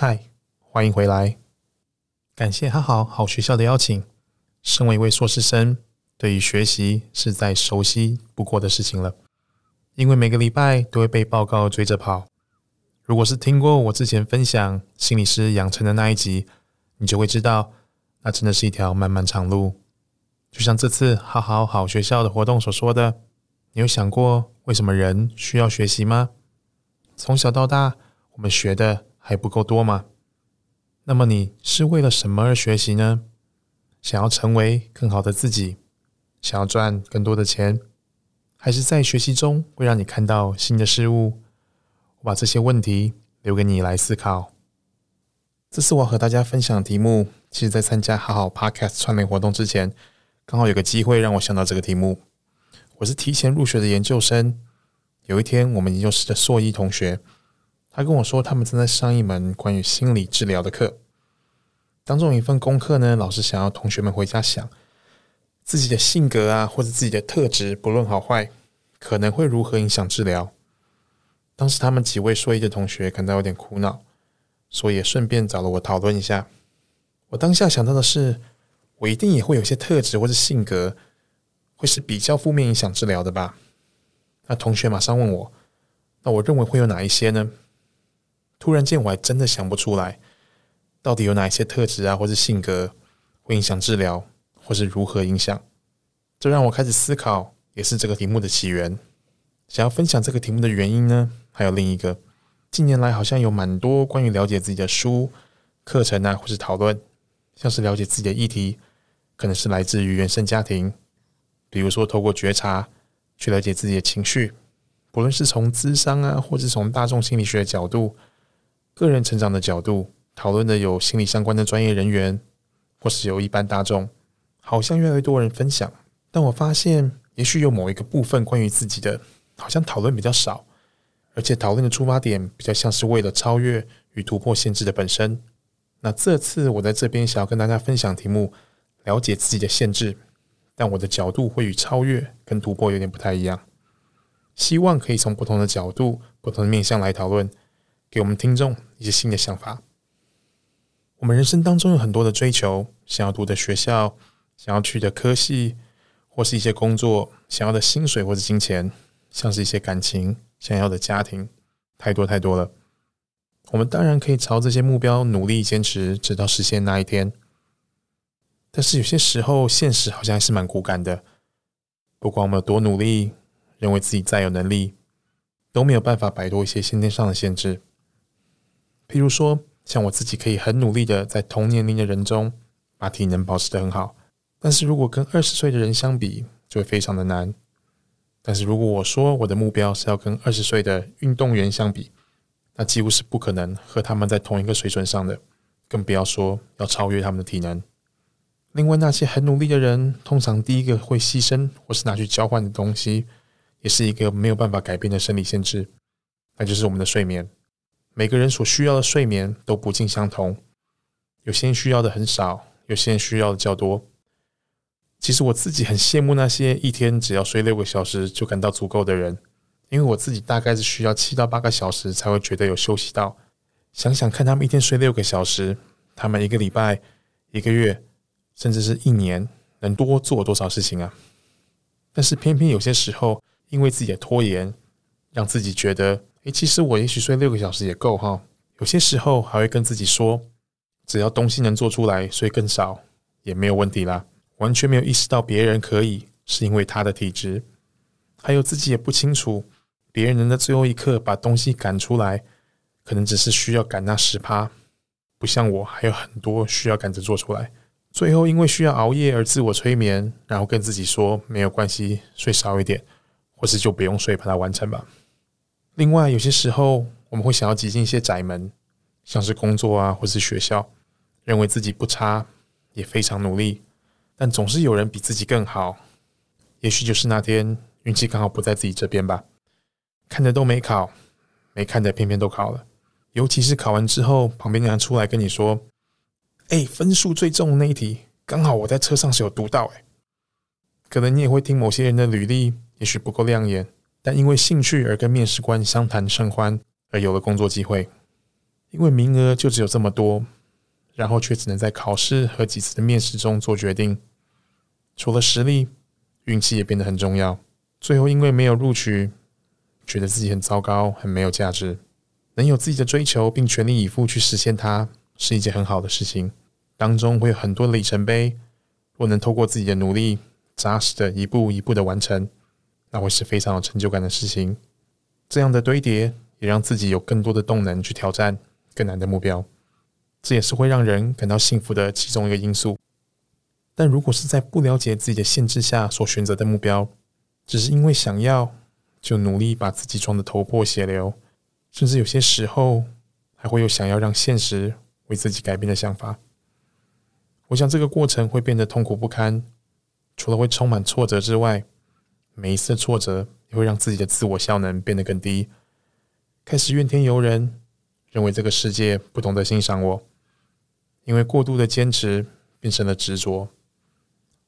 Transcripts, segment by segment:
嗨，Hi, 歡迎回來！感謝 Hahow 好學校的邀請。身為一位碩士生，對於學習是再熟悉不過的事情了，因為每個禮拜都會被報告追着跑。如果是聽過我之前分享心理師養成的那一集，你就會知道，那真的是一條漫漫長路。就像這次 Hahow 好學校的活動所說的，你有想過為什麼人需要學習嗎？從小到大，我們學的。還不夠多嗎？那麼你是為了什麼而學習呢？想要成為更好的自己，想要賺更多的錢，還是在學習中會讓你看到新的事物？我把這些問題留給你來思考。這是我要和大家分享的題目。其實，在參加 Hahow Podcast 串聯活動之前，剛好有個機會讓我想到這個題目。我是提前入學的研究生。有一天，我們研究室的碩一同學。他跟我說，他們正在上一門關於心理治療的課。當中有一份功課呢，老師想要同學們回家想自己的性格啊，或者自己的特質，不論好壞，可能會如何影響治療。當時他們幾位碩一的同學感到有點苦惱，所以也順便找了我討論一下。我當下想到的是，我一定也會有些特質或者性格，會是比較負面影響治療的吧？那同學馬上問我，那我認為會有哪一些呢？突然間，我還真的想不出來，到底有哪些特質啊，或是性格會影響治療，或是如何影響？這讓我開始思考，也是這個題目的起源。想要分享這個題目的原因呢，還有另一個，近年來好像有蠻多關於了解自己的書、課程啊，或是討論，像是了解自己的議題，可能是來自於原生家庭，比如說透過覺察去了解自己的情緒，不論是從諮商啊，或是從大眾心理學的角度。個人成長的角度討論的有心理相關的專業人員，或是有一般大眾，好像越來越多人分享。但我發現，也許有某一個部分關於自己的，好像討論比較少，而且討論的出發點比較像是為了超越與突破限制的本身。那這次我在這邊想要跟大家分享題目：了解自己的限制。但我的角度會與超越跟突破有點不太一樣，希望可以從不同的角度、不同的面向來討論。給我們聽眾一些新的想法。我們人生當中有很多的追求，想要讀的學校，想要去的科系，或是一些工作，想要的薪水或者金錢，像是一些感情，想要的家庭，太多太多了。我們當然可以朝這些目標努力堅持，直到實現那一天。但是有些時候，現實好像還是蠻骨感的。不管我們有多努力，認為自己再有能力，都沒有辦法擺脫一些先天上的限制。譬如說，像我自己可以很努力的在同年齡的人中把體能保持得很好，但是如果跟二十歲的人相比，就會非常的難。但是如果我說我的目標是要跟二十歲的運動員相比，那幾乎是不可能和他們在同一個水準上的，更不要說要超越他們的體能。另外，那些很努力的人，通常第一個會犧牲或是拿去交換的東西，也是一個沒有辦法改變的生理限制，那就是我們的睡眠。每個人所需要的睡眠都不盡相同，有些人需要的很少，有些人需要的較多。其實我自己很羨慕那些一天只要睡六個小時就感到足夠的人，因為我自己大概是需要七到八個小時才會覺得有休息到。想想看，他們一天睡六個小時，他們一個禮拜、一個月，甚至是一年，能多做多少事情啊？但是偏偏有些時候，因為自己的拖延，讓自己覺得，哎，其實我也許睡六個小時也夠哈。有些時候還會跟自己說，只要東西能做出來，睡更少也沒有問題啦。完全沒有意識到別人可以，是因為他的體質。還有自己也不清楚，別人能在最後一刻把東西趕出來，可能只是需要趕那十趴，不像我還有很多需要趕着做出來。最後因為需要熬夜而自我催眠，然後跟自己說沒有關係，睡少一點，或是就不用睡把它完成吧。另外，有些時候我們會想要擠進一些窄門，像是工作啊，或是學校，認為自己不差，也非常努力，但總是有人比自己更好。也許就是那天運氣剛好不在自己這邊吧。看着都沒考，沒看着偏偏都考了。尤其是考完之後，旁邊人出來跟你說：“欸，分數最重的那一題，剛好我在車上是有讀到欸。”可能你也會聽某些人的履歷，也許不夠亮眼。但因為興趣而跟面試官相談甚歡，而有了工作機會。因為名額就只有這麼多，然後卻只能在考試和幾次的面試中做決定。除了實力，運氣也變得很重要。最後因為沒有錄取，覺得自己很糟糕，很沒有價值。能有自己的追求並全力以赴去實現它，是一件很好的事情。當中會有很多的里程碑，若能透過自己的努力，扎實的一步一步的完成。那會是非常有成就感的事情。這樣的堆疊也讓自己有更多的動能去挑戰更難的目標，這也是會讓人感到幸福的其中一個因素。但如果是在不了解自己的限制下所選擇的目標，只是因為想要，就努力把自己撞得頭破血流，甚至有些時候還會有想要讓現實為自己改變的想法。我想這個過程會變得痛苦不堪，除了會充滿挫折之外。每一次的挫折也會讓自己的自我效能變得更低，開始怨天尤人，認為這個世界不懂得欣賞我。因為過度的堅持變成了執着。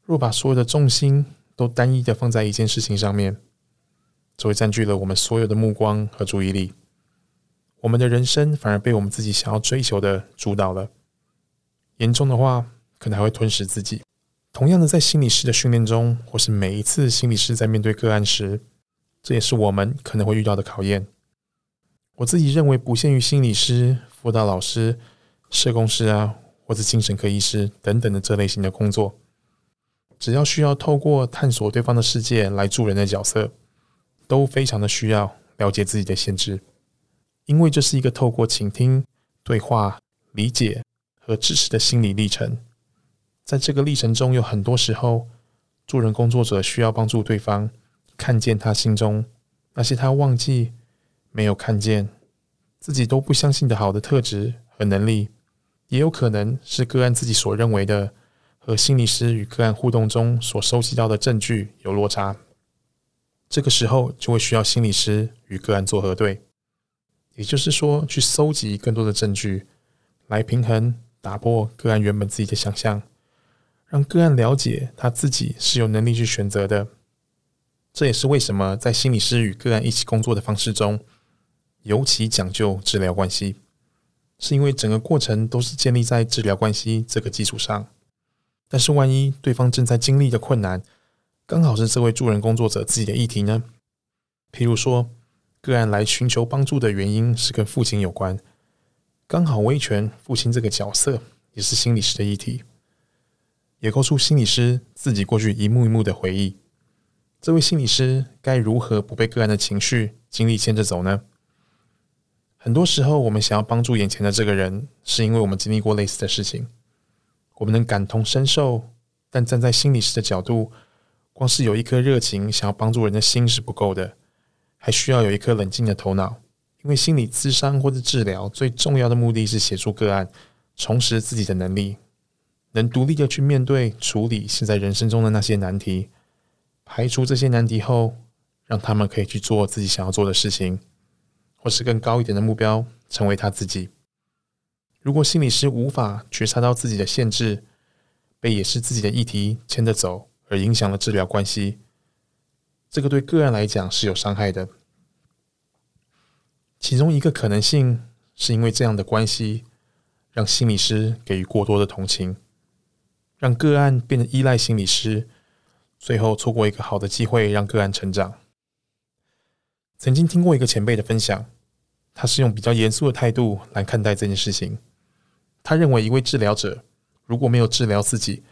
若把所有的重心都單一的放在一件事情上面，就會佔據了我們所有的目光和注意力。我們的人生反而被我們自己想要追求的主導了。嚴重的話，可能還會吞噬自己。同樣的，在心理師的訓練中，或是每一次心理師在面對個案時，這也是我們可能會遇到的考驗。我自己認為，不限於心理師、輔導老師、社工師啊，或是精神科醫師等等的這類型的工作，只要需要透過探索對方的世界來助人的角色，都非常的需要了解自己的限制，因為這是一個透過傾聽、對話、理解和支持的心理歷程。在這個歷程中，有很多時候，助人工作者需要幫助對方看見他心中那些他忘記、沒有看見、自己都不相信的好的特質和能力。也有可能是個案自己所認為的和心理師與個案互動中所收集到的證據有落差。這個時候就會需要心理師與個案做核對，也就是說，去蒐集更多的證據來平衡、打破個案原本自己的想象。讓個案了解他自己是有能力去選擇的，這也是為什麼在心理師與個案一起工作的方式中，尤其講究治療關係，是因為整個過程都是建立在治療關係這個基礎上。但是，萬一對方正在經歷的困難，剛好是這位助人工作者自己的議題呢？譬如說，個案來尋求幫助的原因是跟父親有關，剛好威權父親這個角色也是心理師的議題。也勾出心理師自己過去一幕一幕的回憶。這位心理師該如何不被個案的情緒經歷牽着走呢？很多時候，我們想要幫助眼前的這個人，是因為我們經歷過類似的事情，我們能感同身受。但站在心理師的角度，光是有一顆熱情想要幫助人的心是不夠的，還需要有一顆冷靜的頭腦。因為心理諮商或是治療最重要的目的是協助個案重拾自己的能力。能獨立地去面對、處理現在人生中的那些難題，排除這些難題後，讓他們可以去做自己想要做的事情，或是更高一點的目標，成為他自己。如果心理師無法覺察到自己的限制，被也是自己的議題牽着走，而影響了治療關係，這個對個案來講是有傷害的。其中一個可能性是因為這樣的關係，讓心理師給予過多的同情。讓個案變得依賴心理師，最後錯過一個好的機會，讓個案成長。曾經聽過一個前輩的分享，他是用比較嚴肅的態度來看待這件事情。他認為，一位治療者如果沒有治療自己，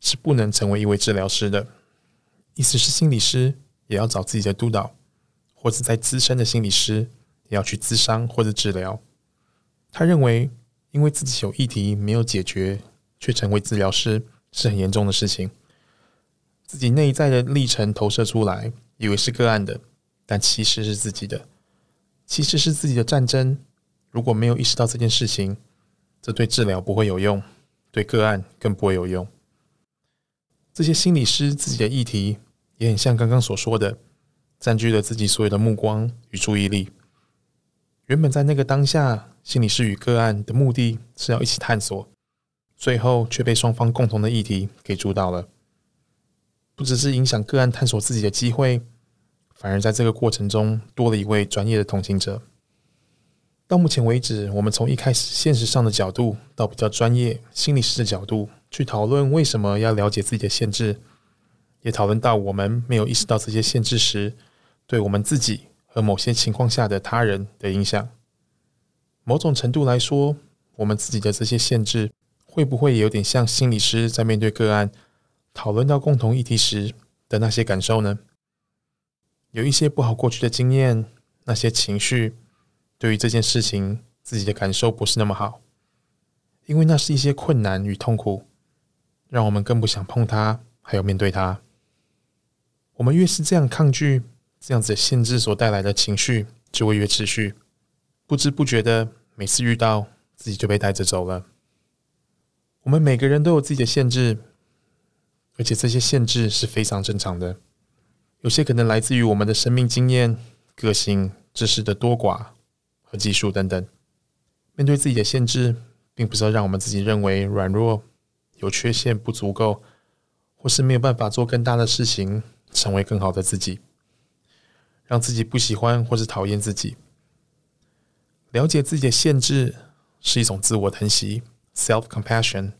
是不能成為一位治療師的。意思是，心理師也要找自己的督導，或是在資深的心理師也要去諮商或者治療。他認為，因為自己有議題沒有解決。卻成為治療師是很嚴重的事情。自己內在的歷程投射出來，以為是個案的，但其實是自己的，其實是自己的戰爭。如果沒有意識到這件事情，這對治療不會有用，對個案更不會有用。這些心理師自己的議題，也很像剛剛所說的，佔據了自己所有的目光與注意力。原本在那個當下，心理師與個案的目的是要一起探索。最後卻被雙方共同的議題給主導了，不只是影響個案探索自己的機會，反而在這個過程中多了一位專業的同情者。到目前為止，我們從一開始現實上的角度，到比較專業心理師的角度去討論為什麼要了解自己的限制，也討論到我們沒有意識到這些限制時，對我們自己和某些情況下的他人的影響。某種程度來說，我們自己的這些限制，會不會也有點像心理師在面對個案，討論到共同議題時的那些感受呢？有一些不好過去的經驗，那些情緒，對於這件事情，自己的感受不是那麼好，因為那是一些困難與痛苦，讓我們更不想碰它，還有面對它。我們越是這樣抗拒，這樣子的限制所帶來的情緒，就會越持續，不知不覺的，每次遇到，自己就被帶着走了。我們每個人都有自己的限制，而且這些限制是非常正常的。有些可能來自於我們的生命經驗、個性、知識的多寡和技術等等。面對自己的限制，並不是要讓我們自己認為軟弱、有缺陷、不足夠，或是沒有辦法做更大的事情，成為更好的自己，讓自己不喜歡或是討厭自己。了解自己的限制是一種自我疼惜。Self-compassion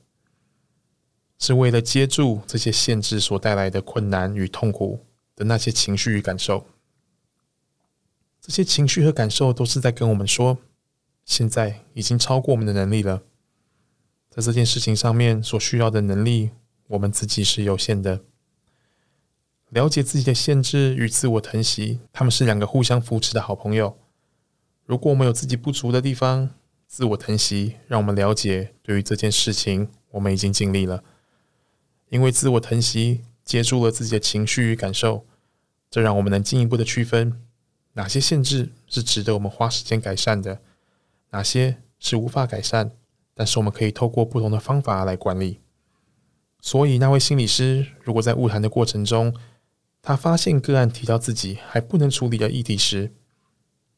是為了接住這些限制所帶來的困難與痛苦的那些情緒與感受。這些情緒和感受都是在跟我們說，現在已經超過我們的能力了，在這件事情上面所需要的能力，我們自己是有限的。了解自己的限制與自我疼惜，他們是兩個互相扶持的好朋友。如果我們有自己不足的地方，自我疼惜，讓我們了解，對於這件事情，我們已經盡力了。因為自我疼惜，接住了自己的情緒與感受，這讓我們能進一步的區分，哪些限制是值得我們花時間改善的，哪些是無法改善，但是我們可以透過不同的方法來管理。所以，那位心理師如果在會談的過程中，他發現個案提到自己還不能處理的議題時，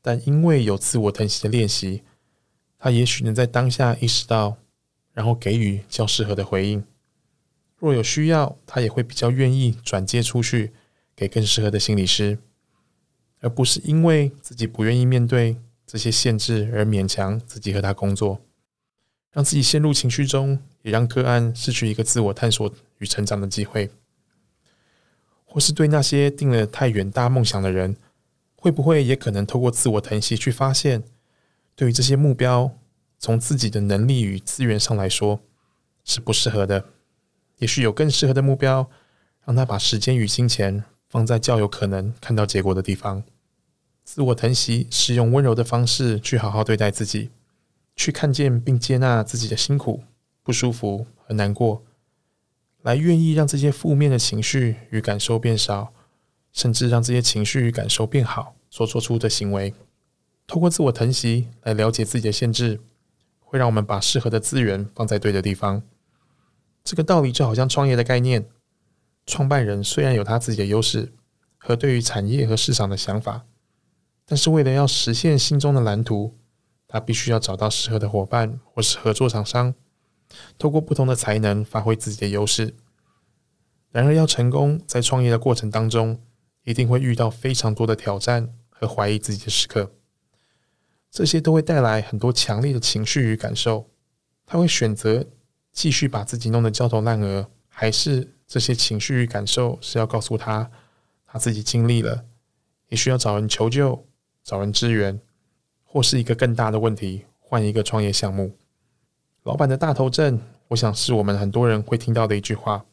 但因為有自我疼惜的練習，他也許能在當下意識到，然後給予較適合的回應。若有需要，他也會比較願意轉介出去給更適合的心理師，而不是因為自己不願意面對這些限制而勉強自己和他工作，讓自己陷入情緒中，也讓個案失去一個自我探索與成長的機會。或是對那些定了太遠大夢想的人，會不會也可能透過自我疼惜去發現？對於這些目標，從自己的能力與資源上來說，是不適合的。也許有更適合的目標，讓他把時間與金錢放在較有可能看到結果的地方。自我疼惜是用溫柔的方式去好好對待自己，去看見並接納自己的辛苦、不舒服和難過，來願意讓這些負面的情緒與感受變少，甚至讓這些情緒與感受變好所做出的行為。通過自我疼惜來了解自己的限制，會讓我們把適合的資源放在對的地方。這個道理就好像創業的概念。創辦人雖然有他自己的優勢和對於產業和市場的想法，但是為了要實現心中的藍圖，他必須要找到適合的伙伴或是合作廠商，透過不同的才能發揮自己的優勢。然而要成功，在創業的過程當中，一定會遇到非常多的挑戰和懷疑自己的時刻。這些都會帶來很多強烈的情緒與感受，他會選擇繼續把自己弄得焦頭爛額，還是這些情緒與感受是要告訴他，他自己盡力了，也需要找人求救、找人支援，或是一個更大的問題，換一個創業項目。老闆的大頭症，我想是我們很多人會聽到的一句話，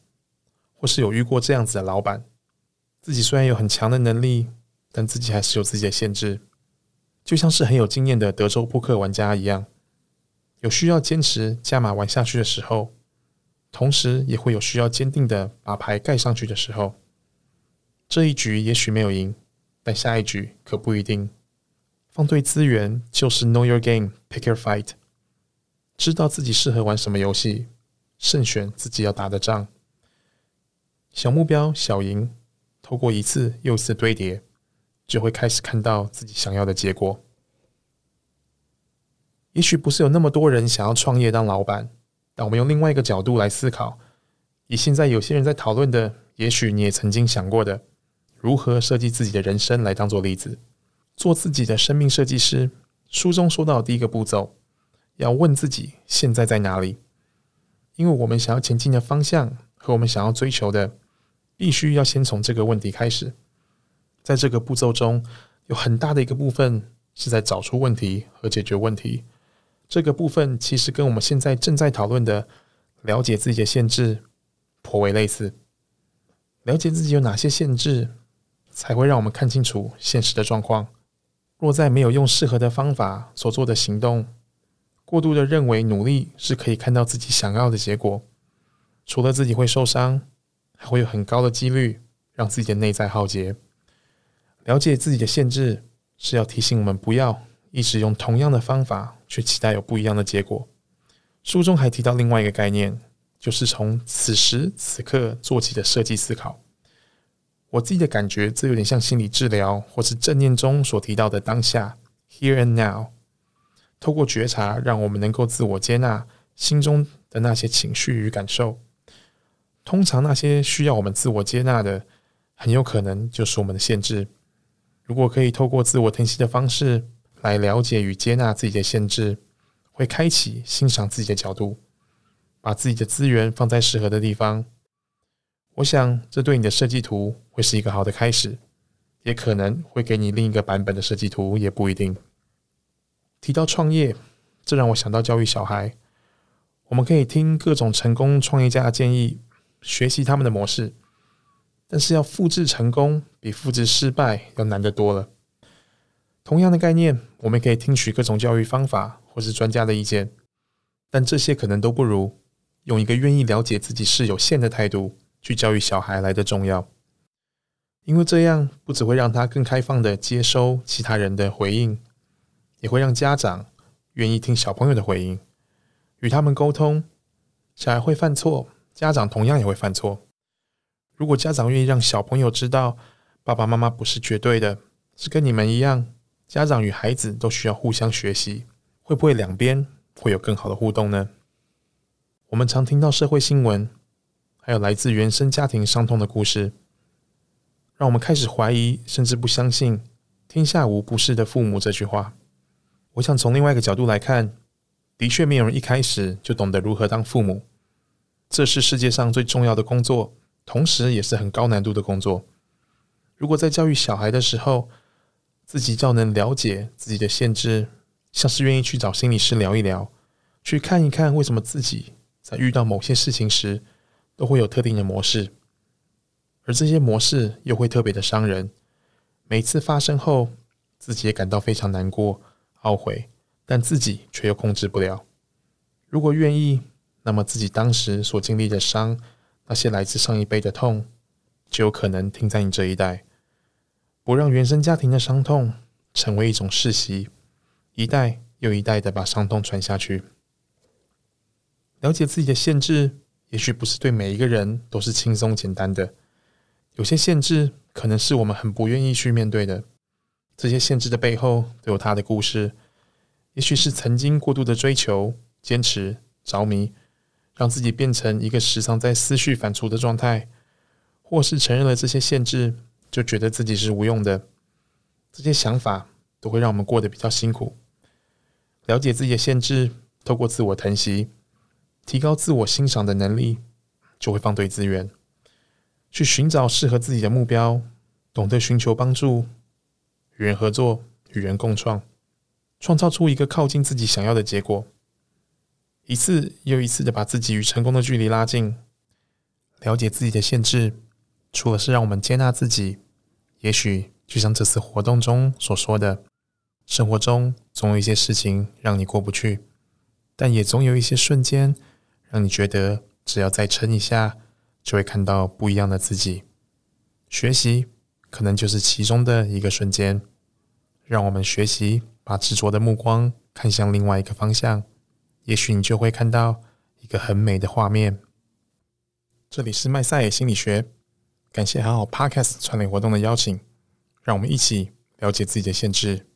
或是有遇過這樣子的老闆，自己雖然有很強的能力，但自己還是有自己的限制。就像是很有經驗的德州撲克玩家一樣，有需要堅持加碼玩下去的時候，同時也會有需要堅定的把牌蓋上去的時候。這一局也許沒有贏，但下一局可不一定。放對資源就是 know your game, pick your fight，知道自己適合玩什麼遊戲，慎選自己要打的仗。小目標小贏，透過一次又一次堆疊。就會開始看到自己想要的結果。也許不是有那麼多人想要創業當老板，但我們用另外一個角度來思考，以現在有些人在討論的，也許你也曾經想過的，如何設計自己的人生來當做例子，做自己的生命設計師。書中說到的第一個步驟，要問自己現在在哪裡？因為我們想要前進的方向和我們想要追求的，必須要先從這個問題開始。在這個步驟中，有很大的一個部分是在找出問題和解決問題。這個部分其實跟我們現在正在討論的了解自己的限制頗為類似。了解自己有哪些限制，才會讓我們看清楚現實的狀況。若在沒有用適合的方法所做的行動，過度的認為努力是可以看到自己想要的結果，除了自己會受傷，還會有很高的幾率讓自己的內在耗竭。了解自己的限制，是要提醒我們不要一直用同樣的方法去期待有不一樣的結果。書中還提到另外一個概念，就是從此時此刻做起的設計思考。我自己的感覺，這有點像心理治療或是正念中所提到的當下 （here and now）。透過覺察，讓我們能夠自我接納心中的那些情緒與感受。通常，那些需要我們自我接納的，很有可能就是我們的限制。如果可以透過自我疼惜的方式來了解與接納自己的限制，會開啟欣賞自己的角度，把自己的資源放在適合的地方。我想這對你的設計圖會是一個好的開始，也可能會給你另一個版本的設計圖，也不一定。提到創業，這讓我想到教育小孩，我們可以聽各種成功創業家的建議，學習他們的模式。但是要複製成功，比複製失敗要難得多了。同樣的概念，我們可以聽取各種教育方法或是專家的意見，但這些可能都不如用一個願意了解自己是有限的態度去教育小孩來得重要。因為這樣不只會讓他更開放的接收其他人的回應，也會讓家長願意聽小朋友的回應，與他們溝通。小孩會犯錯，家長同樣也會犯錯。如果家長願意讓小朋友知道，爸爸媽媽不是絕對的，是跟你們一樣，家長與孩子都需要互相學習，會不會兩邊會有更好的互動呢？我們常聽到社會新聞，還有來自原生家庭傷痛的故事，讓我們開始懷疑甚至不相信“天下無不是的父母”這句話。我想從另外一個角度來看，的確沒有人一開始就懂得如何當父母，這是世界上最重要的工作。同時也是很高難度的工作。如果在教育小孩的時候，自己較能了解自己的限制，像是願意去找心理師聊一聊，去看一看為什麼自己在遇到某些事情時，都會有特定的模式，而這些模式又會特別的傷人。每次發生後，自己也感到非常難過、懊悔，但自己卻又控制不了。如果願意，那麼自己當時所經歷的傷。那些來自上一輩的痛，就有可能停在你這一代，不讓原生家庭的傷痛成為一種世襲，一代又一代的把傷痛傳下去。了解自己的限制，也許不是對每一個人都是輕鬆簡單的，有些限制可能是我們很不願意去面對的。這些限制的背後都有他的故事，也許是曾經過度的追求、堅持、着迷。讓自己變成一個時常在思緒反芻的狀態，或是承認了這些限制，就覺得自己是無用的。這些想法都會讓我們過得比較辛苦。了解自己的限制，透過自我疼惜，提高自我欣賞的能力，就會放對資源，去尋找適合自己的目標，懂得尋求幫助，與人合作，與人共創，創造出一個靠近自己想要的結果。一次又一次的把自己與成功的距離拉近，了解自己的限制，除了是讓我們接納自己，也許就像這次活動中所說的，生活中總有一些事情讓你過不去，但也總有一些瞬間讓你覺得只要再撐一下，就會看到不一樣的自己。學習可能就是其中的一個瞬間，讓我們學習把執着的目光看向另外一個方向。也許你就會看到一個很美的畫面。這裡是麥賽欸心理學，感謝 Hahow Podcast 串聯活動的邀請，讓我們一起了解自己的限制。